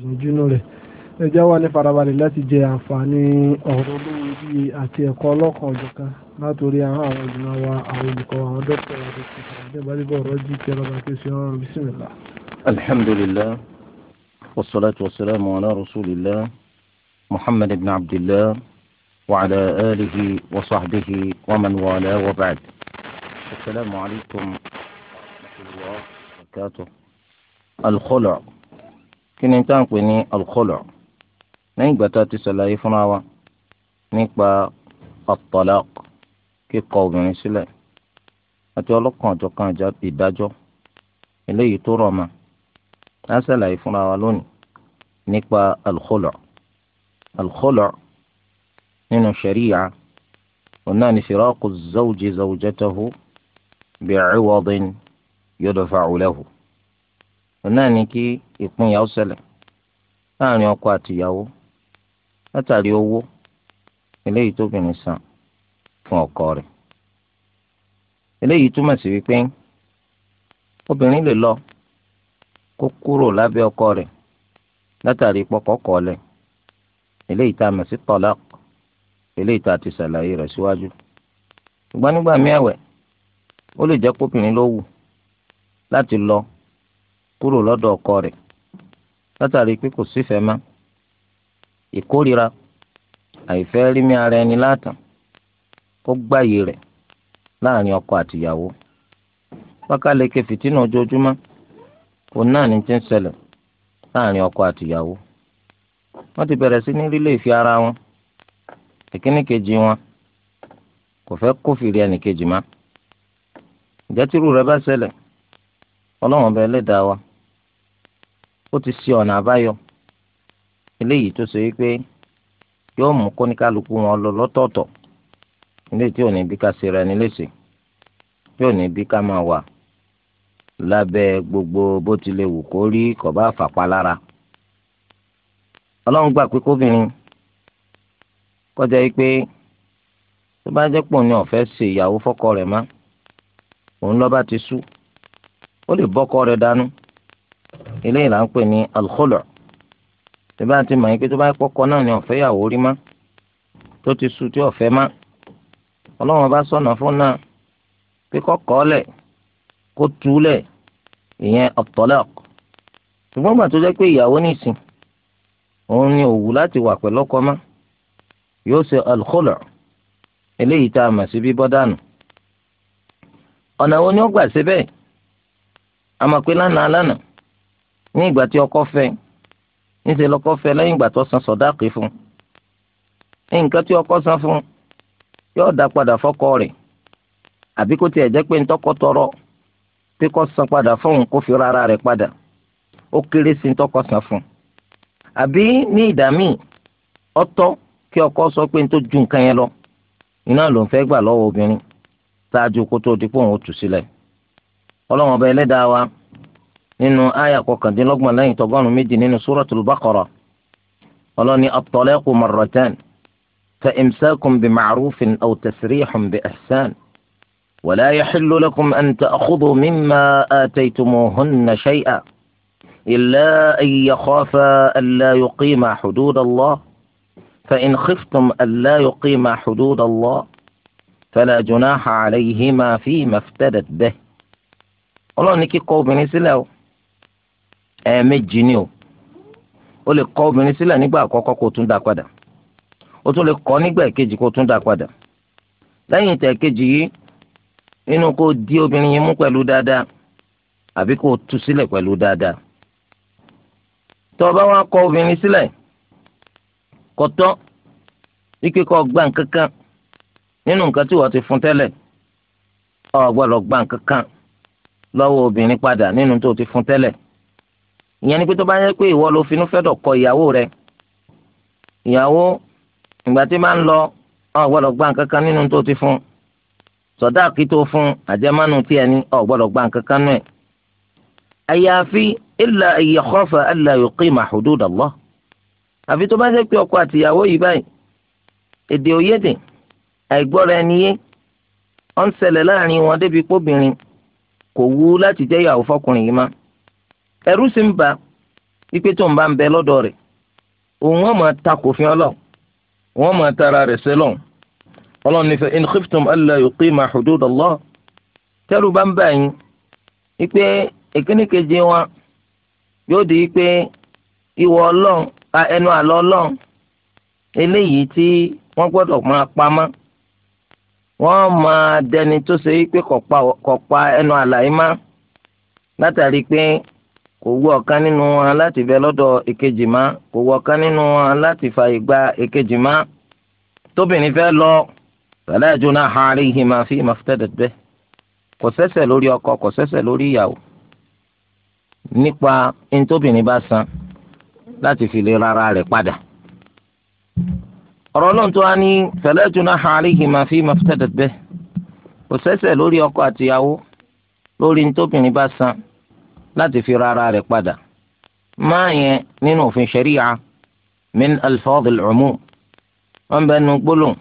ìròjúnú rẹ̀ ẹjọ́ wà ní farabalẹ̀ láti jẹ àǹfààní ọ̀rọ̀ olówó bíi àti ẹ̀kọ́ ọlọ́kan ọ̀jọ̀kan látòrí àwọn àwọn ìgbìmọ̀ wa àwọn olùkọ́ àwọn dókítà àti ìṣẹ̀lẹ̀ àdébálẹ́bọ̀ ọ̀rọ̀ jí kí ọlọ́ba kí ó ṣe ọ̀rọ̀ bismillah. alhamdulillah wasalaatu wasalaamu ala rasulillah muhammad ibn abdillah wa ala alihi wa sahbihi wa man wala wa ba'd. asalaamu alaykum wa rahmatulah wa barakatuh kí ni táwọn pè ní alukọlọ lẹ́yìn ìgbà tá a ti ṣàlàyé fúnra wa nípa at-talaq kíkọ obìnrin sílẹ̀ àti ọlọ́kan ọ̀jọ̀kan ìdájọ́ eléyìí tó rọ̀ mọ́ a ṣàlàyé fúnra wa lónìí nípa alukọlọ alukọlọ nínú ṣẹ̀ríyà òun náà ní firaqu zawji zawjatahu bi'iwadin yudfa'u lahu òun náà ní kí ìpínyà ó ṣẹlẹ̀ láàrin ọkọ àtìyàwó látàrí owó eléyìí tóbìnrin san fún ọkọ rẹ̀ eléyìí túmọ̀ sí wípé obìnrin lè lọ kó kúrò lábẹ́ ọkọ rẹ̀ látàrí pọkọ̀ọ̀kọ̀ lẹ̀ eléyìí tá a mọ̀ sí tọ́lák eléyìí tá a ti ṣàlàyé rẹ̀ síwájú ṣùgbọ́n ẹ̀wẹ̀ ó lè jẹ́ kóbìnrin ló wù láti lọ kúrò lọ́dọ̀ ọkọ rẹ̀ látàrí pé kò sífẹ̀ẹ́ mọ́ ìkórira àìfẹ́ rímí ara ẹni látàn ó gbáyé rẹ̀ láàrin ọkọ àtìyàwó pákáleke fìtínà ojoojúmọ́ kò náà ní ti ń láàrin ọkọ àtìyàwó wọ́n ti bẹ̀rẹ̀ sí ara wọn ìkíní kejì wọn kò fẹ́ kófìrí ẹnì kejì má ìjẹ́tìrú rẹ bá ó ti ṣe ọ̀nà àbáyọ eléyìí tó ṣe wípé yóò mú kóníkálukú wọn lọ lọ́tọ̀ọ̀tọ̀ ilé tí ò ní bí ká ṣe ra ni léṣe yóò ní bí ká máa wà lábẹ́ gbogbo bó ti lè wù kó rí kò bá fàpá lára ọlọ́run gbà pé kóbìnrin kọjá yìí tó bá jẹ́ pò ní ọ̀fẹ́ ṣe ìyàwó fọ́kọ rẹ̀ má òun lọ́ba ti sú ó lè bọ́kọ rẹ̀ dànù eléyìí là ń pè ní alkhulu tẹ́bá ti mọ̀ yín pé tó bá kọ́kọ́ náà ni ọ̀fẹ́ yàwó rí má tó ti su tí ọ̀fẹ́ má ọlọ́run bá sọ̀nà fún náà pé kọ́kọ́ lẹ̀ kó túlẹ̀ ìyẹn at-talaq ṣùgbọ́n gbà tó jẹ́ pé ìyàwó nìsín òun ni òwú láti wà pẹ̀lú ọkọ má yóò ṣe alkhulu eléyìí tá a mọ̀ sí bíbọ́ dànù ọ̀nà wo ni ó gbà ṣe àmọ̀ pé lánàá lánàá ní ìgbà tí ọkọ fẹ́ níṣẹ́ lọ́kọ fẹ́ ìgbà tó san sọ̀dáàkì fún ní nǹkan tí ọkọ san fún yóò dá padà fọ́kọ rẹ àbí kó tiẹ̀ jẹ́ pé ntọ́kọ tọrọ pé kó san padà fóun kó fi rárá padà ó kéré sí ntọ́kọ ju nǹkan yẹn lọ iná ló ń fẹ́ gbà lọ́wọ́ obìnrin nínú àyà kọkàndínlọ́gbọ̀n lẹ́yìn tọgọ́rùn-ún méjì nínú suratul baqara ọlọ́ni at-talaqu ta fa imsakun bi ma'rufin aw tasrihun bi ihsan ولا يحل لكم أن تأخذوا مما آتيتموهن شيئا إلا أن يخافا ألا يقيما حدود الله فإن خفتم ألا يقيما حدود الله فلا جناح عليهما فيما افتدت به ọlọ́run ní kíkọ̀ obìnrin sílẹ̀ o eme ni o o lè kọ obìnrin sílẹ̀ nígbà àkọ́kọ́ kó tún dá o tún lè kọ nígbà èkejì kó tún dá padà lẹ́yìn tẹ̀ kejì yìí nínú kó di obìnrin yìí mú pẹ̀lú dáadáa àbí kó sílẹ̀ pẹ̀lú dáadáa bá wá obìnrin sílẹ̀ kọ́tọ́ kankan nínú nǹkan tí wọ́n ti fún tẹ́lẹ̀ gbà kankan lọ́wọ́ obìnrin padà nínú tó ti fún tẹ́lẹ̀ ìyẹn ni pé tó bá yẹ pé ìwọ ló finú fẹ́ dọ̀kọ ìyàwó rẹ ìyàwó ìgbà tí máa ń lọ ọ gbọ́dọ̀ gba nǹkan kan nínú tó ti fún sọdáàkì tó fún àjẹmánu tiẹ̀ ní ọ gbọ́dọ̀ gba nǹkan kan nù ẹ̀. àyàfi illa an yakhafa alla yuqima hudud Allah àfi tó bá yẹ pé ọkọ àtìyàwó yìí báyìí èdè òyédè àìgbọ́ra ẹni yé ó ń ṣẹlẹ̀ láàrin wọn débi póbìnrin kò wú láti jẹ́ ìyàwó fọkùnrin yìí máa eru sì ń bà ipe tó ń bá ń bẹ lọ́dọ̀ rẹ̀ òun wọn máa takò fi tara rẹ̀ sẹ́lọ̀ ọlọ́run nífẹ̀ẹ́ in khiftum alla yuqima hudud Allah tẹ́rù bá ń bà yín ipe èkínníkejì wọn yóò di ipe ìwọ ọlọ́run ẹnu àlọ́ ọlọ́run eléyìí tí wọ́n gbọ́dọ̀ máa pamọ́ wọ́n máa dẹni tó ṣe pé kò ẹnu àlàyé má látàrí pé kò wú ọ̀kan nínú wọn láti bẹ lọ́dọ̀ èkejì má nínú wọn láti èkejì má fẹ́ lọ fala junaha fima iftadat bih kò sẹ́ṣẹ̀ lórí ọkọ kò sẹ́ṣẹ̀ lórí ìyàwó nípa ntóbìnrin bá san láti fi lè rárá rẹ̀ padà ọ̀rọ̀ náà tó fima kò lórí ọkọ àtìyàwó lórí ntóbìnrin bá san. láti fi rárá rẹ̀ padà máa yẹn nínú òfin ṣẹ̀ríya min alfadhil umum wọn bẹ nu gbólóhùn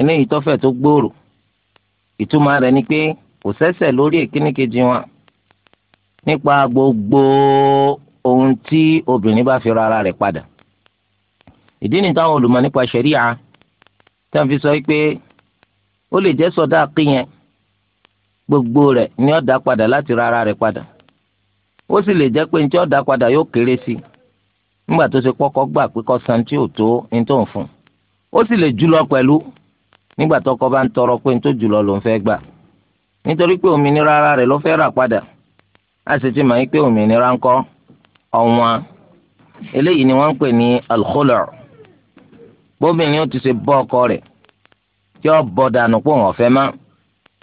eléyìí tọ́fẹ̀ tó gbòòrò ìtumọ̀ rẹ̀ ni pé kò sẹ́sẹ̀ lórí èkíní kejì wọn nípa gbogbo ohun tí obìnrin bá fi rárá rẹ̀ padà ìdí ni táwọn olùmọ̀ nípa ṣẹ̀ríya tí wọ́n fi sọ pé ó lè jẹ́ sọ̀dáàkì yẹn gbogbo rẹ̀ ni ó dá padà láti rárá rẹ̀ padà ó sì lè jẹ́ pé ní tí ó dá padà yóò kéré sí i nígbà tó ṣe kọ́kọ́ gbà pé kó san tí ò tó ní tó ń fún un ó sì lè jùlọ pẹ̀lú nígbà tọkọ bá ń tọrọ pé ní tó jùlọ ló ń fẹ́ gbà nítorí pé òmìnira ara rẹ̀ ló fẹ́ rà padà a sì ti mọ̀ yín pé òmìnira ń kọ́ ọ̀wọ́n eléyìí ni wọ́n ń pè ní alkhulur bóbìnrin ó ti ṣe bọ́ ọkọ rẹ̀ tí ó bọ̀ dànù pé òun ọ̀fẹ́ má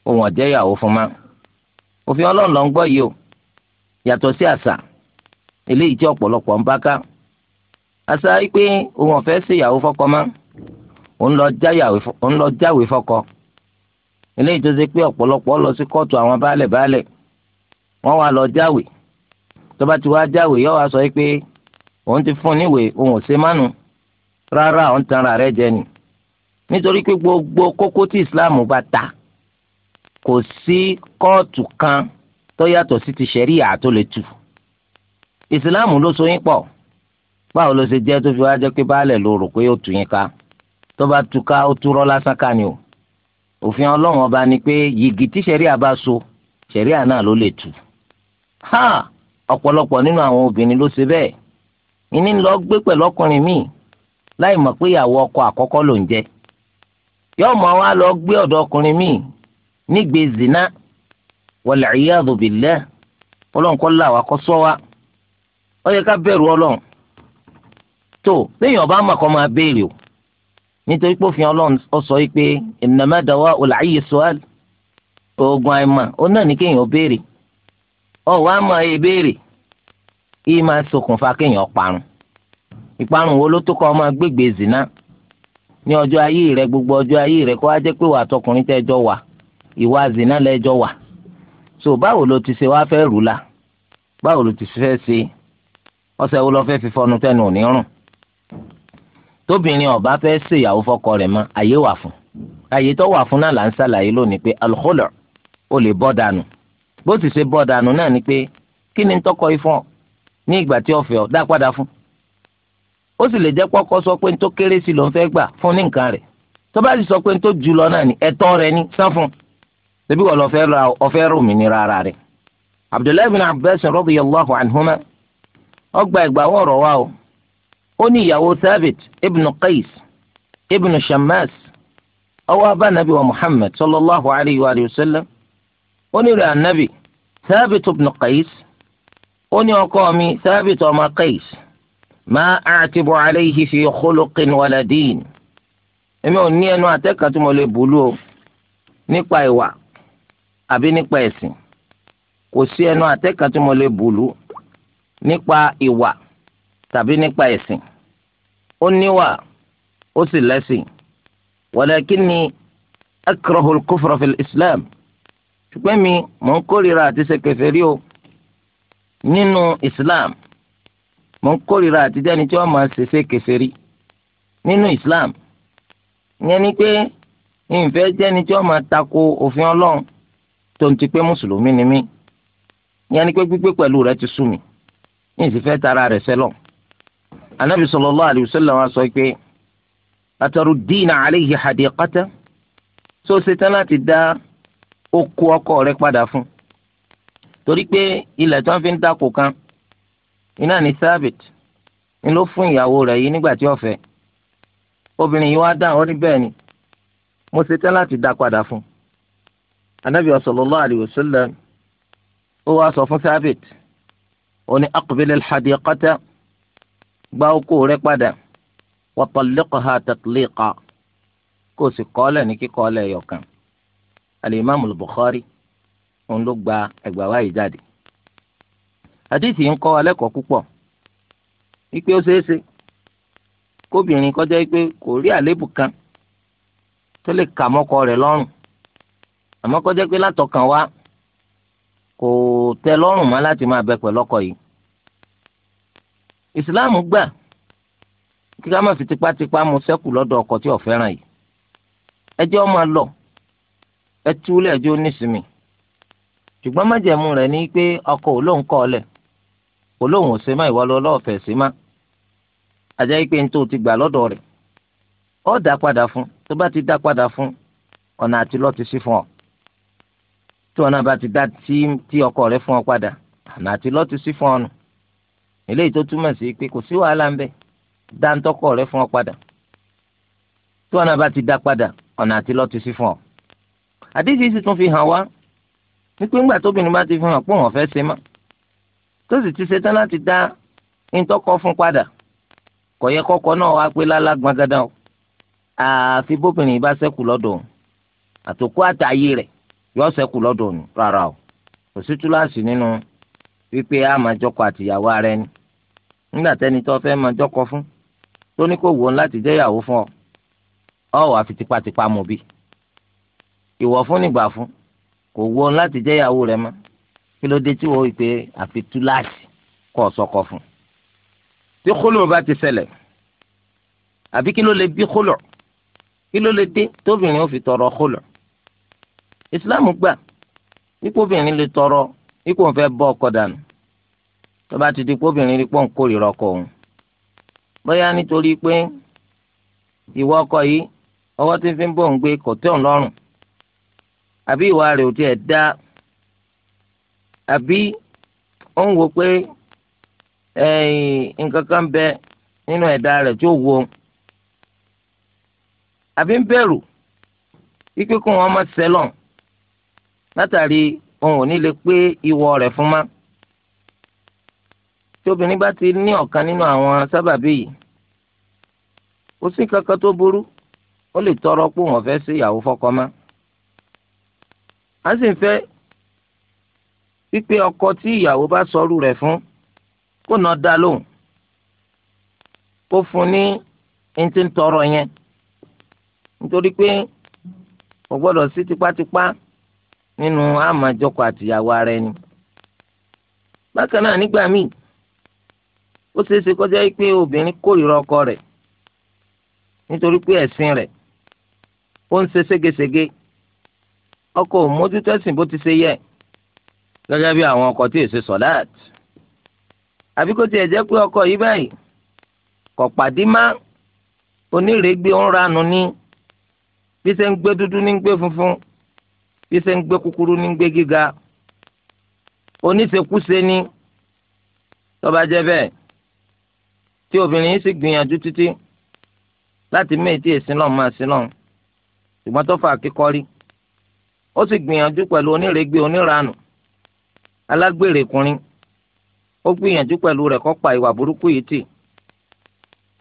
òun ọ̀jẹ́ ìyàwó yàtọ̀ sí àṣà eléyìí tí ọ̀pọ̀lọpọ̀ ń bá ká àṣà pé òun ọ̀fẹ́ sí ìyàwó fọ́kọ mọ́ òun lọ jáwé fọ́kọ eléyìí tó ṣe pé ọ̀pọ̀lọpọ̀ lọ sí kóòtù àwọn baálẹ̀ baálẹ̀ wọ́n wá lọ jáwé tó bá ti jáwé yóò wá sọ pé òun ti fún níwèé òun ò ṣe mánu rárá òun tanra rẹ̀ jẹ ni nítorí pé gbogbo kókó tí Islam bá ta kò sí kóòtù kan tó yàtọ̀ sí ti ṣẹ̀ríà tó lè tù ìsìláàmù ló so yín pọ̀ báwo ló ṣe jẹ́ tó fi wá jẹ́ pé baálẹ̀ ló rò pé ó tù yín ká tó bá tu ká ó túrọ́ lásán ká ni o òfin ọlọ́run ọba ni pé yìgì tí ṣẹ̀ríà bá so ṣẹ̀ríà náà ló lè tù ha ọ̀pọ̀lọpọ̀ nínú àwọn obìnrin ló ṣe bẹ́ẹ̀ ìní lọ gbé pẹ̀lú ọkùnrin míì láì mọ̀ pé ìyàwó ọkọ àkọ́kọ́ ló ń jẹ́ yọ́ọ̀mọ̀ wa lọ gbé ọ̀dọ̀ ọkùnrin míì nígbè zina wal-'iyadhu billah ọlọ́run kọ́ là wá kọ́ sọ́ wa ó yẹ ká bẹ̀rù ọlọ́run tó lẹ́yìn ọba àmà kọ́ máa béèrè o nítorí pé òfin ọlọ́run ọ sọ yìí pé innama dawa'ul 'ayyi su'al oògùn àìmọ̀ ó náà ní kéèyàn béèrè ọ̀wọ́ àmà ẹ béèrè yìí máa ṣokùnfà kéèyàn parun ìparun wo ló tó kọ́ ọmọ gbègbè zina ní ọjọ́ ayé rẹ gbogbo ọjọ́ ayé rẹ kó wá jẹ́ pé wà tọkùnrin tẹ́jọ́ wà ìwà zina lẹ́jọ́ wà so báwo ló ti ṣe wá fẹ́ rù la báwo ló ti fẹ́ ṣe ọ̀sẹ̀ wo lọ fẹ́ fi fọnu tẹnu òní rùn tóbìnrin ọba fẹ́ ṣèyàwó fọkọ rẹ̀ mọ́ àyè wà fún àyè tó wà fún náà là ń ṣàlàyé lónìí pé alukólọ ó lè bọ́ dànù bó ti ṣe bọ́ dànù náà ni pé kí ni tọkọ ifọ̀ ní ìgbà tí ọ̀fẹ́ ọ̀ dá padà fún ó sì lè jẹ́ pọ́kọ́ sọ pé ní tó kéré sí ló ń fẹ́ gbà fún ní nǹkan rẹ̀ tó bá sì sọ pé ní tó jù lọ náà ni ẹ̀tọ́ rẹ̀ ní sán fún un ṣebí wọn lọ́fẹ́ ra ọfẹ́ rò mí ní rárá rẹ̀ abdullahi bin abbas radiyallahu anhuma ọgbà ẹgbà wọ̀rọ̀ wa o ó ní ìyàwó thabit ibn qais ibn shammas ọwọ́ abánabi wa muhammad sallallahu alayhi wa sallam ó ní rẹ̀ anabi thabit ibn qais ó ní ọkọ mi thabit ọmọ qais ma a'tibu alayhi fi khuluqin wala din èmi ò ní ẹnu àtẹ́kàtúmọ̀ lè bùlù o nípa ìwà àbí nípa ẹ̀sìn kò sí ẹnu àtẹ́kàn tí mo lè bùlù nípa ìwà tàbí nípa ẹ̀sìn ó níwà ó sì lẹ́sìn walakinni akrahu al-kufra fil islam ṣùgbọ́n mi mò ń kórìíra àti ṣe kèfèrí o nínú islam mò ń kórìíra àti jẹ́ni tí wọ́n máa ṣe ṣe kèfèrí nínú islam ìyẹn ni pé ìfẹ́ jẹ́ni tí wọ́n máa tako òfin ọlọ́run tó ń ti pé mùsùlùmí ni mí yẹn ni pé gbígbé pẹ̀lú rẹ ti sú mi ní ìsìfẹ́ tara rẹ̀ sẹ́lọ̀ anabi sallallahu alayhi wa wa sọ pé ataruddina alayhi hadiqata tó ṣetán láti dá oko ọkọ rẹ padà fún torí pé ilẹ̀ tí wọ́n fi ń dáko kan ni ló fún ìyàwó rẹ̀ yìí nígbà tí ó fẹ́ obìnrin yìí wá dáhùn ó ní ni mo ṣetán láti dá padà fún anabi sallallahu alayhi wa sallam ó wá sọ fún sábẹt ó ní aqbil al-hadiqata gba oko rẹ padà wa talliqha tatliqa kó o sì kọ́lẹ̀ ní kíkọ́lẹ̀ yọ̀kan al-imam al-bukhari òun ló gba ẹgbàá wáyé jáde àdìsí ń kọ́ alẹ́kọ̀ọ́ púpọ̀ wípé ó ṣeé ṣe kóbìnrin kọjá wípé kò rí àléébù kan tó lè kà mọ́kọ rẹ̀ lọ́rùn àmọ́ kọjá pé látọkàn wa kò tẹ lọ́rùn mọ́ láti máa bẹ pẹ̀lú ọkọ yìí ìsìláàmù gbà kí ká má fi tipátipá mu sẹ́kù lọ́dọ̀ ọkọ tí ò fẹ́ràn yìí ẹ jẹ́ ó máa lọ ẹ túlẹ̀ ẹjọ́ nísìmì ṣùgbọ́n májẹ̀mú rẹ̀ ni pé ọkọ ò lóun kọ́ ọ lẹ̀ ò ṣe má ìwọ lọ lọ́ọ̀fẹ́ sí má àjá pé n tó ti gbà lọ́dọ̀ rẹ̀ ó dá padà fún tó bá ti dá padà fún ọ̀nà àti lọ́ọ́ ti sí fún ọ tí wọn náà bá ti dá tí ọkọ rẹ fún ọ padà àná àti lọ́ọ̀tì sí fún ọnù eléyìí tó túmọ̀ sí pé kò sí wàhálà ń bẹ dá ń tọkọ rẹ fún ọ padà tí wọn náà bá ti dá padà ọ̀nà àti lọ́ọ̀tì sí fún ọ. àdéhìí sì tún fi hàn wá wípé ńgbà tóbìnrin bá ti fi hàn pé òun ọ̀fẹ́ ṣe mọ́ tó sì ti ṣetán láti dá ńtọkọ fún padà kò yẹ kọ́kọ́ náà wá pé lálá gbọ̀ngàdàn àfi bóbìnrin bá ṣẹ́kù lọ́dọ̀ àtòkú àtàyè rẹ̀ yọ sẹ́kù lọ́dọ̀ òní rárá o kò sí túláàsì nínú wípé a máa jọkọ àtìyàwó ara ẹni nígbà tẹ́ni tó fẹ́ máa jọkọ fún tó ní kò wọ́n láti jẹ́ ìyàwó fún ọ ọ wàá fi tipátipá mọ̀ bí ìwọ fún nígbà fún kò wọ́n láti jẹ́ rẹ mọ́ kí ló dé tí wọ́n wípé àfi túláàsì kọ́ sọkọ fún tí kóló bá ti ṣẹlẹ̀ àbí kí ló lè bí kóló kí ló lè dé tóbìnrin ó fi tọrọ kóló. islamu gba ipò obìnrin lè tọrọ nfe òun fẹ́ bọ́ ọkọ dànù ti di ipò obìnrin ipò òun kórìíra ọkọ òun bóyá nítorí pé ìwọ ọkọ yìí ọwọ́ tí fi bò ń gbé kò tẹ́ òun abi àbí ìwà ò dá àbí ó ń wo pé nǹkan kan bẹ nínú ẹ̀dá rẹ̀ tí wo àbí ń bẹ̀rù ikú wọn látàrí òun ò ní lè pé ìwọ rẹ̀ fún ma tí obìnrin bá ti ní ọ̀kan nínú àwọn sábàbí yìí kò sí kankan tó burú ó lè tọrọ pé òun fẹ́ sí ìyàwó fọkọ ma a sì ń fẹ́ wípé ọkọ tí ìyàwó bá sọrú rẹ̀ fún kó nà dá lóhùn kó fún ní ẹni ń tọrọ yẹn nítorí pé kò gbọ́dọ̀ sí tipátipá. Si nínú àmàjọkọ àtìyàwó ara ẹni. bákan náà nígbà míì ó ṣeé ṣe kọjá pé obìnrin kórìíra ọkọ rẹ̀ nítorí pé ẹ̀sìn rẹ̀ ó ń ṣe ségesège ọkọ ò mójútó ẹ̀sìn bó ti ṣe yẹ gẹ́gẹ́ bí àwọn ọkọ tí èso sọ̀dáàt àbí kó tiẹ̀ jẹ́ pé ọkọ yìí báyìí kò pàdé má onírèégbé ń ranù ní bí ṣe ń gbé dúdú ní gbé funfun bí ṣe ń gbé kúkúrú ní gbé gíga oníṣekúṣe ni tó bá jẹ́ bẹ́ẹ̀ tí obìnrin yìí sì gbìyànjú títí láti méjì ìsinà máa sinà ṣùgbọ́n tó fà kíkọ́rí ó sì gbìyànjú pẹ̀lú onírègbè oníranù alágbèrèkùnrin ó gbìyànjú pẹ̀lú rẹ̀ kó pa ìwà burúkú yìí tì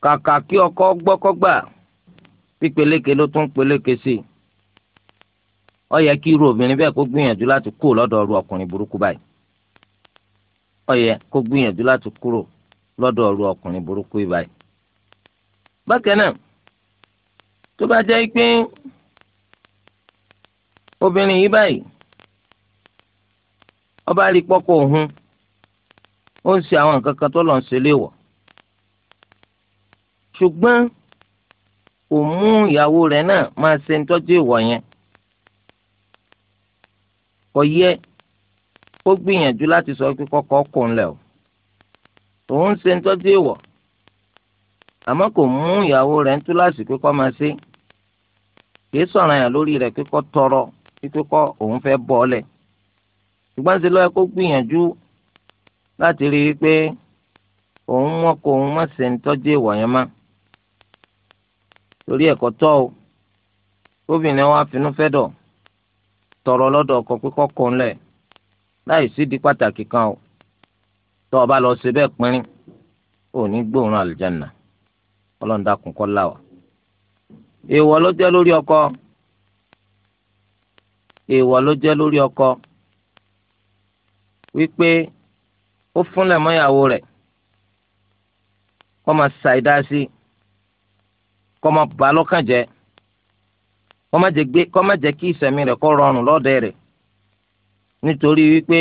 kàkà kí ọkọ gbọ́kọ́gbà pípeléke ló tún peléke sí i ó yẹ kí irú obìnrin bẹ́ẹ̀ kó gbìyànjú láti kúrò lọ́dọ̀ ọrú ọkùnrin burúkú báyìí ó yẹ kó gbìyànjú láti kúrò lọ́dọ̀ ọrú ọkùnrin burúkú báyìí. bákan náà tó bá jẹ́ pé obìnrin yìí báyìí ó bá rí pọ́kọ òhun ó ń ṣe àwọn nǹkan kan tó lọ ń ṣe léèwọ̀ ṣùgbọ́n kò mú ìyàwó rẹ̀ náà máa ṣe ń tọ́jú ìwọ̀ yẹn kò yẹ kó gbìyànjú láti sọ pé kọ́kọ́ kò ń lẹ̀ o òun ṣe ń tọ́jú ìwọ̀ àmọ́ kò mú ìyàwó rẹ̀ ń tú láti pé kọ́ máa ṣe kì í sọ̀ràn yàn lórí rẹ̀ pé kọ́ tọrọ pé òun fẹ́ bọ́ ọ ṣùgbọ́n ṣe lọ́yẹ kó gbìyànjú láti rí i pé òun mọ́ kó òun má ṣe ń tọ́jú ìwọ̀ yẹn má torí ẹ̀kọ́ tọ́ o obìnrin wa finú fẹ́ dọ̀ tọrọ lọ́dọ̀ ọkọ pé kọkọ ńlẹ láì sídìí pàtàkì kan o tọ ọba lọ ṣe bẹ́ẹ̀ pínrín ò ní gbóòórùn àlùjáná ọlọ́run dákun kọ́ là wá. èèwọ̀ ló jẹ́ lórí ọkọ èèwọ̀ ló jẹ́ lórí ọkọ wípé ó fúnlẹ̀ mọ́yàwó rẹ̀ kọ́ máa ṣàìdá sí kọ́ máa bà lọ́kàn jẹ́ kọ́ má jẹ́ kí ìsẹ̀mí rẹ̀ kó rọrùn lọ́dẹ rẹ̀ nítorí wípé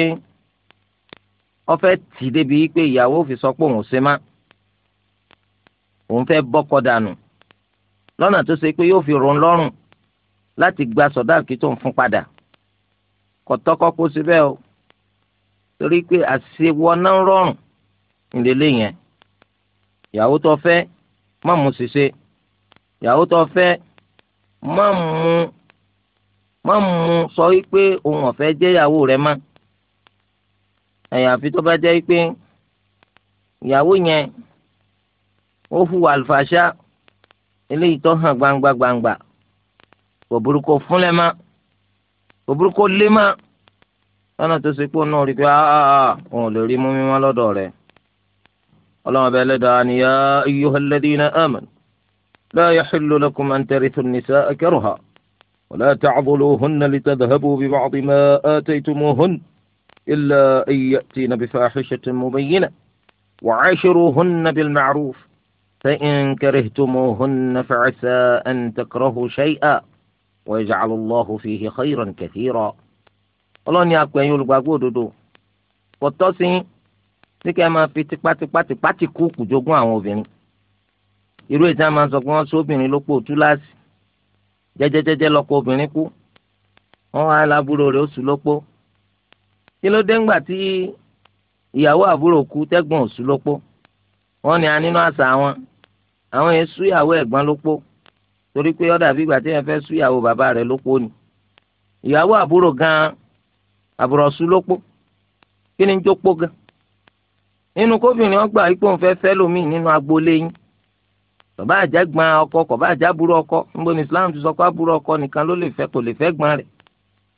ọfẹ́ tì débi wípé ìyàwó fi sọ pé òun ṣe má òun fẹ́ bọ́kọ dànù lọ́nà tó ṣe pé yóò fi rún lọ́rùn láti gba sọ̀dáàkì tó ń fún padà kọ̀tọ́kọ́ kó síbẹ̀ o torí pé àṣewọ náà rọrùn ìdílé yẹn ìyàwó tó fẹ́ má mú ṣiṣẹ́ ìyàwó tó fẹ́ má mú má mú sọ wípé òun ọ̀fẹ́ jẹ́ ìyàwó rẹ̀ má àyàfi tó bá jẹ́ wípé ìyàwó yẹn ó hùwà àlùfàṣà eléyìí tó hàn gbangba gbangba kò burúkú fúnlẹ̀ má kò burúkú lé má lọ́nà tó ṣe pé òun náà rí i pé òun ò lè rí mú mímọ́ lọ́dọ̀ rẹ̀ ọlọ́run ọba ẹlẹ́dàá ni yá ayyuhal لا يحل لكم أن ترثوا النساء كرها ولا تعضلوهن لتذهبوا ببعض ما آتيتموهن إلا أن يأتين بفاحشة مبينة وعاشروهن بالمعروف فإن كرهتموهن فعسى أن تكرهوا شيئا ويجعل الله فيه خيرا كثيرا ọlọ́run ni apẹ̀ yín olùgbàgbọ́ òdodo kò tọ́ تقبات تقبات تقبات kẹ́ ẹ máa irú ìta máa ń sọ pé wọ́n sọ obìnrin ló pọ̀ túláàsì jẹ́jẹ́jẹ́jẹ́ lọ́kọ obìnrin kú wọ́n wá lábúrò rẹ̀ oṣù lópó kí ló dé ńgbà tí ìyàwó àbúrò kú tẹ́gbọ̀n oṣù lópó wọ́n ní anínú àṣà wọn àwọn yẹn sú ìyàwó ẹ̀gbọ́n lópó torí pé ó dàbí ìgbà tí yẹn fẹ́ sú ìyàwó bàbá rẹ̀ lópó ni ìyàwó àbúrò gan àbúrò sú lópó kí ni ń jópó gan nínú kóbìnrin ọgbà ipò ń fẹ́ fẹ́ lómi nínú agboolé yín bàbá àjẹgbọn ọkọ kọba àjàbúrò ọkọ níbo ni Islam ti sọ pé àbúrò ọkọ nìkan ló lè fẹ́ kò lè fẹ́ gbọ́n rẹ̀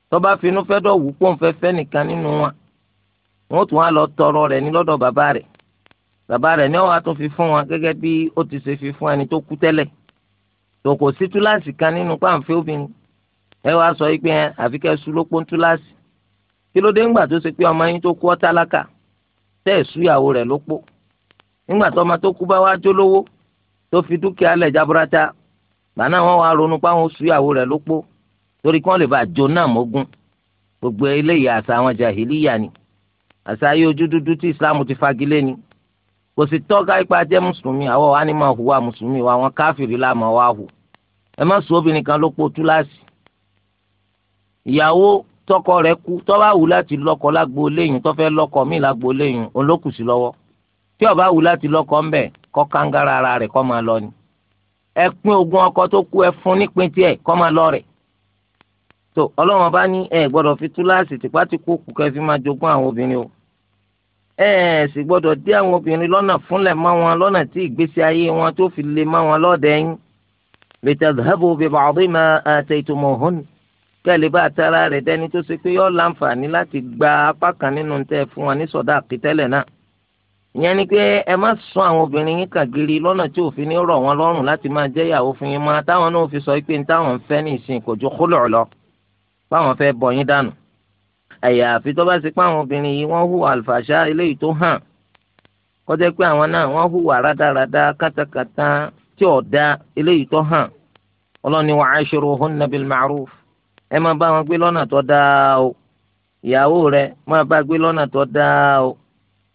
tọba finú fẹ́ dọ wù pọ nfẹ fẹ́ nìkan nínú wọn wọn tún wá lọ tọrọ rẹ̀ ní lọ́dọ̀ bàbá rẹ̀ bàbá rẹ̀ ní ọwọ àtún fi fún wọn gẹ́gẹ́ bí ó ti ṣe fi fún ẹni tó kú tẹ́lẹ̀ tó kò sí túláàsì kan nínú páǹfẹ́ obìnrin ẹ wá sọ yìí pé ẹ àfi kẹ́ su lópó túláàsì kí ló dé ńgbà tó ṣe pé ọmọ yín tó kú ọ tálákà tẹ́ ẹ̀ súyàwó rẹ̀ lópó ńgbà tó ọmọ tó kú bá wá jólówó tó fi dúkìá lẹ̀ jaburata gbaná wọn wá ronú pé àwọn oṣù ìyàwó rẹ̀ ló pó torí kí wọ́n lè bá jo náà mógún gbogbo eléyìí àṣà àwọn jàhìlíyà ni àṣà ayé ojú dúdú tí islam ti fagilé ni kò sì tọ́ka ipa jẹ́ mùsùlùmí àwọn wa ni máa hùwà mùsùlùmí wa àwọn káfìrí la máa wá hù ẹ má sọ obìnrin kan ló pó túláàsì ìyàwó tọkọ rẹ̀ kú tó bá wù láti lọ́kọ lágbo léyìn tó fẹ́ míì lágbo léyìn olókùsí lọ́wọ́ tí ó wù láti lọ́kọ ńbẹ̀ kọ́ kángára ara rẹ̀ kọ́ máa lọ ni ẹ pín ogún ọkọ tó kú ẹ fún nípín tiẹ̀ kọ́ máa lọ rẹ̀ tó ọlọ́wọ́n bá ní ẹ gbọ́dọ̀ fi túláàsì tìpá tí kú kù kẹ́ fi máa jogún àwọn obìnrin o ẹ sì gbọ́dọ̀ dé àwọn obìnrin lọ́nà fúnlẹ̀ mọ́ wọn lọ́nà tí ìgbésí ayé wọn tó fi lè mọ́ wọn lọ́dẹ yín litadhabu bi ba'di ma ataytumuhun kẹ́lẹ́ bá tara rẹ̀ dẹni tó ṣe pé yọ láǹfààní láti gba apá kan nínú tẹ́ fún wọn ní sọ̀dá àkítẹ́lẹ̀ náà ìyẹn ni pé ẹ má sún àwọn obìnrin yín kàgiri lọ́nà tí òfin ní rọ̀ wọ́n lọ́rùn láti máa jẹ́ ìyàwó fún yín máa táwọn náà fi sọ pé ní táwọn ń fẹ́ ní ìsìn kò ju kúlọ̀ lọ báwọn fẹ́ bọ̀ yín dànù àyàfi tó bá ti pa àwọn obìnrin yìí wọ́n hùwà àlùfàṣà eléyìí tó hàn kọjá pé àwọn náà wọ́n hùwà rádaràda kátàkátà tí ò da eléyìí tó hàn ọlọ́ni wa ashiruhunna bil ma'ruf ẹ máa bá wọn gbé lọ́nà tó dáa o ìyàwó rẹ máa bá gbé lọ́nà tó dáa o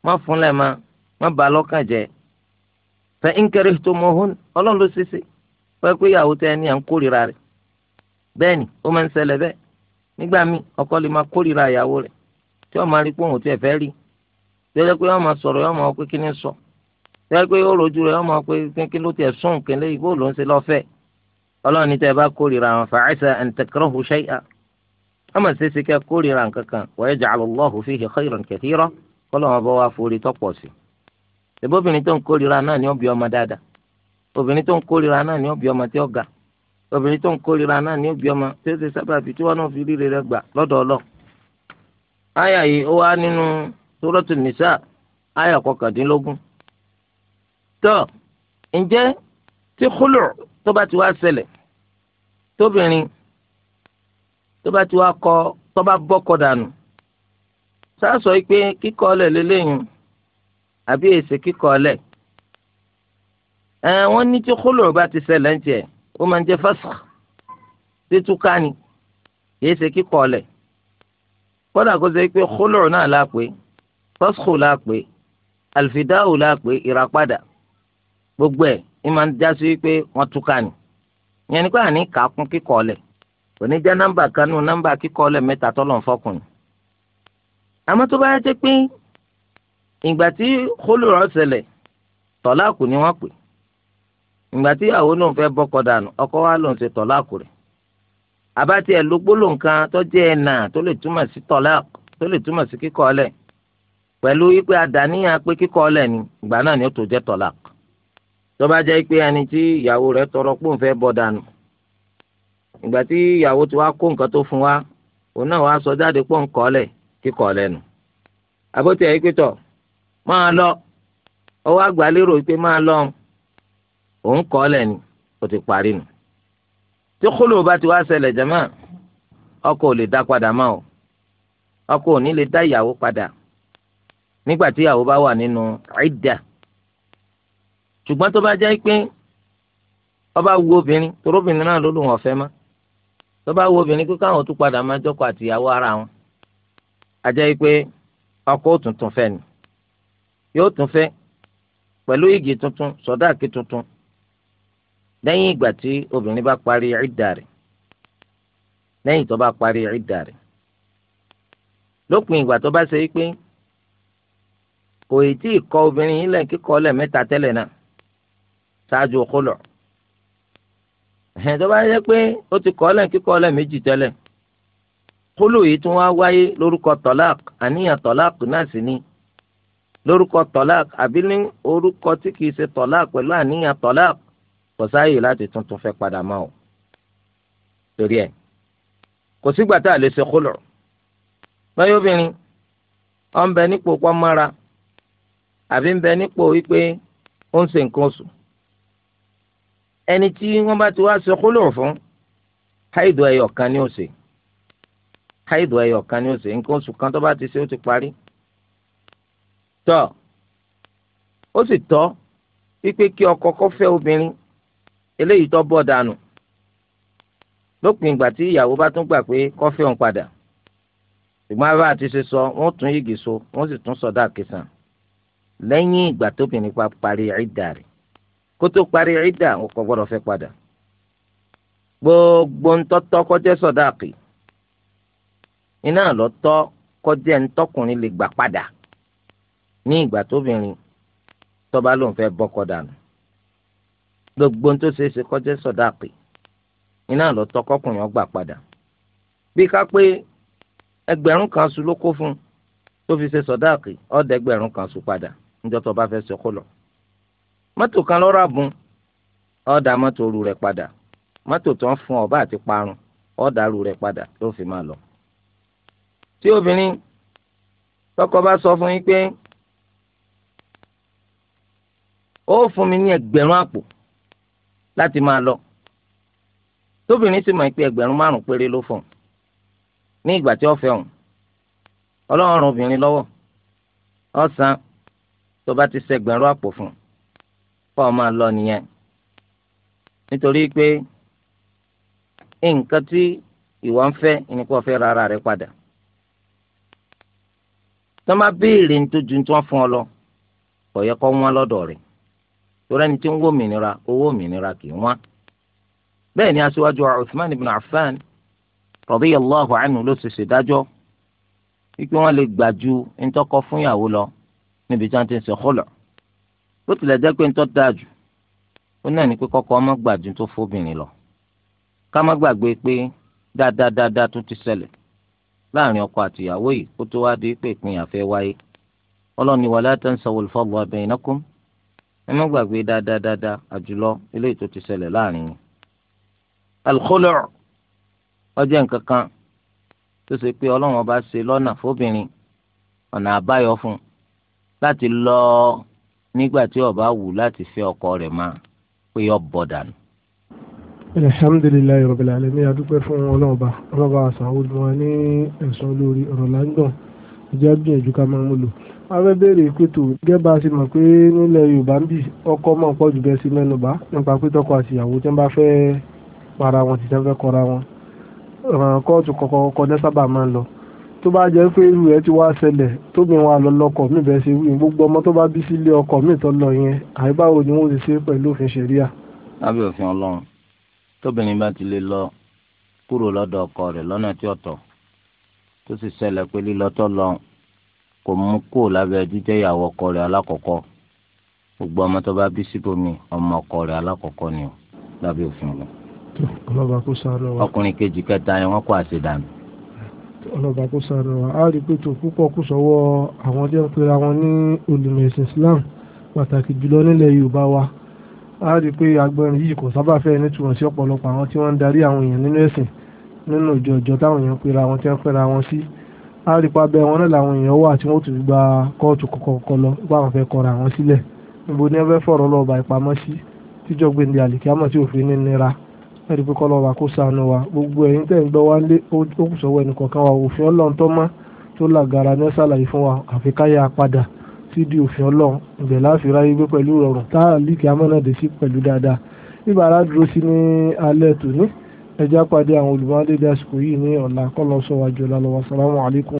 má fúnlẹ̀ máa má bà lọ́kàn jẹ́ fa in karihtumuhun ọlọ́run ló ṣe ṣe wọ́n pé ìyàwó tẹ́ ẹni à ń kórìíra rẹ̀ bẹ́ẹ̀ ni ó máa ń ṣẹlẹ̀ bẹ́ẹ̀ nígbà míì ọkọ lè máa kórìíra ìyàwó rẹ̀ tí wọ́n máa rí pé òun tiẹ̀ fẹ́ rí tí wọ́n jẹ́ pé wọ́n máa sọ̀rọ̀ wọ́n máa pé kí ni sọ tí wọ́n jẹ́ pé ó rojú rẹ̀ wọ́n máa pé kí ló tiẹ̀ sún kẹ́lẹ́ yìí bó ló ń ṣe lọ́fẹ̀ẹ́ ọlọ́run ní tẹ́ ẹ bá wa forí tọ́pọ̀ sí i ṣebí obìnrin tó ń kórìíra náà ni ó bí ọmọ dáadáa obìnrin tó ń kórìíra náà ni ó bí ọmọ tí ó ga obìnrin tó ń kórìíra náà ni ó bí ọmọ tí ó ṣe sábàbí tí wọn náà fi rí rere gbà lọ́dọ̀ ọlọ. àyà yìí ó wá nínú sórọ́tù nìṣà àyà kọkàndínlógún. tó ǹjẹ́ tí kúlù tó bá ti wá ṣẹlẹ̀ tóbìnrin tó bá ti wá kọ tó bá bọ́ kọ dànù sáà sọ pé kíkọ́ ọ̀lẹ̀ lélẹ́yìn àbí èsì kíkọ ọlẹ ẹ wọn ní tí kóló bá ti ṣẹlẹ̀ ń tiẹ ó máa ń jẹ fásitì títúká ni kìí ṣe kíkọ ọlẹ kódà kó ṣe pé kóló náà la pè fásitì la pè ìràpadà gbogbo ẹ ní máa ń já sí pé wọn túká ni ìyẹn ni pé àní kà á kún kíkọ ọlẹ kò ní já nọ́mbà kan nù kíkọ ọlẹ mẹ́ta tọlọ ń fọkùn ni tó bá yẹ pé ìgbà tí kólúrọ̀ ṣẹlẹ̀ tọ́láàkù ni wọ́n pè ìgbà tí ìyàwó náà fẹ́ bọ́kọ dànù ọkọ wa lòun ṣe tọ́láàkù rẹ̀ àbátí ẹ̀ ló gbólóhùn kan tó jẹ́ ẹ̀nà tó lè túmọ̀ sí tọ́láàkù tó lè túmọ̀ sí kíkọ́ ọlẹ̀ pẹ̀lú wípé àdàníyàn pé kíkọ́ ọlẹ̀ ni ìgbà náà ni ó tó jẹ́ tọ́láàkù tó bá jẹ́ pé ẹni tí ìyàwó rẹ̀ tọrọ pé òun fẹ́ bọ́ dànù ìgbà tí ìyàwó ti wá kó nǹkan tó fún wa òun náà wá máa lọ ọwọ́ àgbàlérò pé máa lọ òun kọ́ lẹ̀ ni ó ti parí nu tí kúlò bá ti wá ṣẹlẹ̀ jẹ́mọ́ ọkọ ò lè dá padà mọ́ o ọkọ ò ní lè dá ìyàwó padà nígbà tí ìyàwó bá wà nínú idda ṣùgbọ́n tó bá jẹ́ pé ọba wu obìnrin torobìnrin náà ló lù wọ́n fẹ́ mọ́ tó bá wu obìnrin pé káwọn tún padà máa jọ́kọ̀ àtìyàwó ara wọn a pé ọkọ ò tuntun fẹ́ ni yóò tún fẹ́ pẹ̀lú igi tuntun sọ̀dáàkì tuntun lẹ́yìn ìgbà tí obìnrin bá parí ìdà rẹ̀ lẹ́yìn tó bá parí ìdà rẹ̀ lópin ìgbà tó bá ṣe é pé kò ì tí ì kọ obìnrin yìí lẹ́yìn kíkọ́ lẹ̀ mẹ́ta tẹ́lẹ̀ náà ṣáájú kólọ̀ ẹ̀hìn tó bá yẹ pé ó ti kọ́ lẹ̀ kíkọ́ lẹ̀ méjì tẹ́lẹ̀ kólọ̀ yìí tún wá wáyé lórúkọ tọ́lák àníyàn tọ́lák náà sì ni lórúkọ tọ́lák àbí ní orúkọ tí kìí ṣe tọ́lák pẹ̀lú àníyàn tọ́lák kò sáàyè láti tuntun fẹ́ padà mọ́ o torí ẹ̀ kò sígbà tá a lè ṣe kólọ̀ báyọ̀ obìnrin ọ̀ ń bẹ nípò pọ́nmọ́ra àbí ń bẹ nípò wípé ó ń ṣe nǹkan oṣù ẹni tí wọ́n bá ti wá ṣe kólọ̀ fún háìdù ẹyọ kan ní ọ̀sẹ̀ háìdù ẹyọ kan ní ọ̀sẹ̀ nǹkan oṣù kan tó bá ti ṣe ó ti parí tọ́ ó sì tọ́ wípé kí ọkọ kó fẹ́ obìnrin eléyìí tó bọ́ dànù lópin ìgbà tí ìyàwó bá tún gbà pé kó fẹ́ òun padà ṣùgbọ́n abá àti ṣe sọ wọ́n tún yìgì so wọ́n sì tún sọdá kẹsàn lẹ́yìn ìgbà tóbìnrin pa parí ìdá rẹ̀ kó tó parí ìdá wọn kò gbọ́dọ̀ fẹ́ padà gbogbo ńtọ́tọ́ kọjá sọdá kì iná lọ́tọ́ kọjá ńtọ́kùnrin lè gbà padà. ní ìgbà tóbìnrin tọ́ba lòun fẹ́ bọ́kọ dànù gbogbo ohun tó ṣe é ṣe kọjá sọ̀dáàpì iná lọ tọkọkùnrin ọgbà padà bí ká pé ẹgbẹ̀rún kan su ló kó fún tó fi ṣe ẹgbẹ̀rún kan padà kó kan lọ́rọ̀ àbùn rú ọba àti parun padà ló ó fún mi ní ẹgbẹ̀rún àpò láti máa lọ tóbìnrin sì mọ̀ pé ẹgbẹ̀rún márùn-ún péré ló fún un ní ìgbà tí ó fẹ́ òun ọlọ́run ràn obìnrin lọ́wọ́ ọ̀sán tó bá ti ṣẹgbẹ̀rún àpò fún un kọ́ ọ máa lọ nìyẹn nítorí pé nǹkan tí ìwọ ń fẹ́ ni kò fẹ́ rárá rẹ padà tó má béèrè ní tí wọ́n fún ọ lọ kò yẹ kó wọ́n lọ́dọ̀ rẹ̀ torí ẹni tí ń wó mìnira owó mìnira kì í wọ́n. bẹ́ẹ̀ ni aṣíwájú Uthman ibn Affan radiyallahu anhu ló ṣe ṣèdájọ́ wípé wọ́n lè gbà ju ntọ́kọ fúnyàwó lọ níbi tí wọ́n ti ń ṣe khulu bó tilẹ̀ jẹ́ pé ntọ́ dáa jù ó náà ní pé kọ́kọ́ ọmọ gbà ju tó fóbìnrin lọ ká má gbàgbé pé dáadáadáa tún ti ṣẹlẹ̀ láàrin ọkọ àtìyàwó yìí kó tó wá di pé ìpínyà fẹ́ wáyé ọlọ́ni wala tansawul fadla bainakum ẹ má gbàgbé dáadáa dáadáa àjùlọ eléyìí tó ti ṣẹlẹ̀ láàrin yìí. alkholo ọjọ́ nǹkan kan tó ṣe pé ọlọ́run ọba ṣe lọ́nà fóbìnrin ọ̀nà àbáyọ fún un láti lọ nígbà tí ó bá wù láti fẹ́ ọkọ rẹ̀ máa pé yọ bọ̀ dànù. alhamdulilayi rabbil alamin adúpẹ́ fún ọlọ́run ọba ọlọ́run ọba àṣà òdùnmọ́ ní ẹ̀sán lórí ọ̀rọ̀ láńdọ̀n ìjẹ́ gbìyànjú ká máa ń lò a fẹ́ béèrè ìpètò gẹ́gẹ́ bá a ṣe mọ̀ pé nílẹ̀ Yorùbá ń bì ọkọ mọ̀ pọ̀ jù bẹ́ẹ̀ sí mẹ́nubà nípa pé tọkọ àtìyàwó tí wọ́n bá fẹ́ para wọn tí wọ́n fẹ́ kọra wọn kóòtù kọ̀ọ̀kan ní sábà máa ń lọ tó bá jẹ́ pé irú ẹ̀ ti wá ṣẹlẹ̀ tóbi wọn àlọ́ lọ́kọ̀ mi bẹ́ẹ̀ ṣe wí gbogbo ọmọ tó bá bí sílé ọkọ mi tó lọ yẹn àyíbáwo ni wọ́n ti ṣe pẹ̀lú òfin ṣẹ̀ríà. lábẹ́ òfin Ọlọ́run tóbìnrin bá ti lè lọ kúrò lọ́dọ̀ ọkọ rẹ̀ lọ́nà tí ọ̀tọ̀ tó sì ṣẹlẹ̀ pé lílọ́tọ̀ lọ́hùn kò mú kó lábẹ́ jíjẹ́ ìyàwó ọkọ rẹ̀ alákọ̀ọ́kọ́ gbogbo ọmọ tó bá bí síbòmí ọmọ ọkọ rẹ̀ alákọ̀ọ́kọ́ ni o lábẹ́ òfin lọ. ọlọ́ba kó sáré wa. ọkùnrin kejì kẹta ni wọ́n kó àṣedànù. ọlọ́ba kó sáré wa a rí pé tó púpọ̀ kù sọ́wọ́ àwọn tí wọ́n pera wọn ní olùmẹ̀sìn Islam pàtàkì jùlọ nílẹ̀ Yorùbá wa a rí pé agbọ́nrin yìí kò sábà fẹ́ nítumọ̀ sí ọ̀pọ̀lọpọ̀ àwọn tí wọ́n ń darí àwọn èèyàn nínú ẹ̀sìn nínú ìjọ ìjọ táwọn èèyàn pera wọn tí wọ́n pera wọn sí a rí pa bẹ́ẹ̀ wọn náà làwọn èèyàn wà tí wọ́n tún gba kóòtù kọ̀ọ̀kan lọ nípa àwọn fẹ́ kọra àwọn sílẹ̀ níbo ni ẹ fẹ́ fọ̀rọ̀ lọ́ọ̀bà ìpamọ́ sí tíjọ́ gbèndé àlìkíámọ̀ tí òfin ní nira ẹ rí pé kọ́ lọ́ọ̀bà kó sànù wa gbogbo ẹ̀yin tẹ̀ ń gbọ́ wá lé ó ẹnìkọ̀ọ̀kan wa òfin ọlọ́run tó mọ́ tó làgàrà ní ṣàlàyé fún wa àfi káyà padà sí òfin ọlọ́run ìbẹ̀ láàfin ẹjá pàdé àwọn olùmọ̀ọ́dé dásìkò yìí ní ọ̀la kọ́lọ́sọ̀wájú ọ̀la lọ́wọ́ sàlámù alaykum.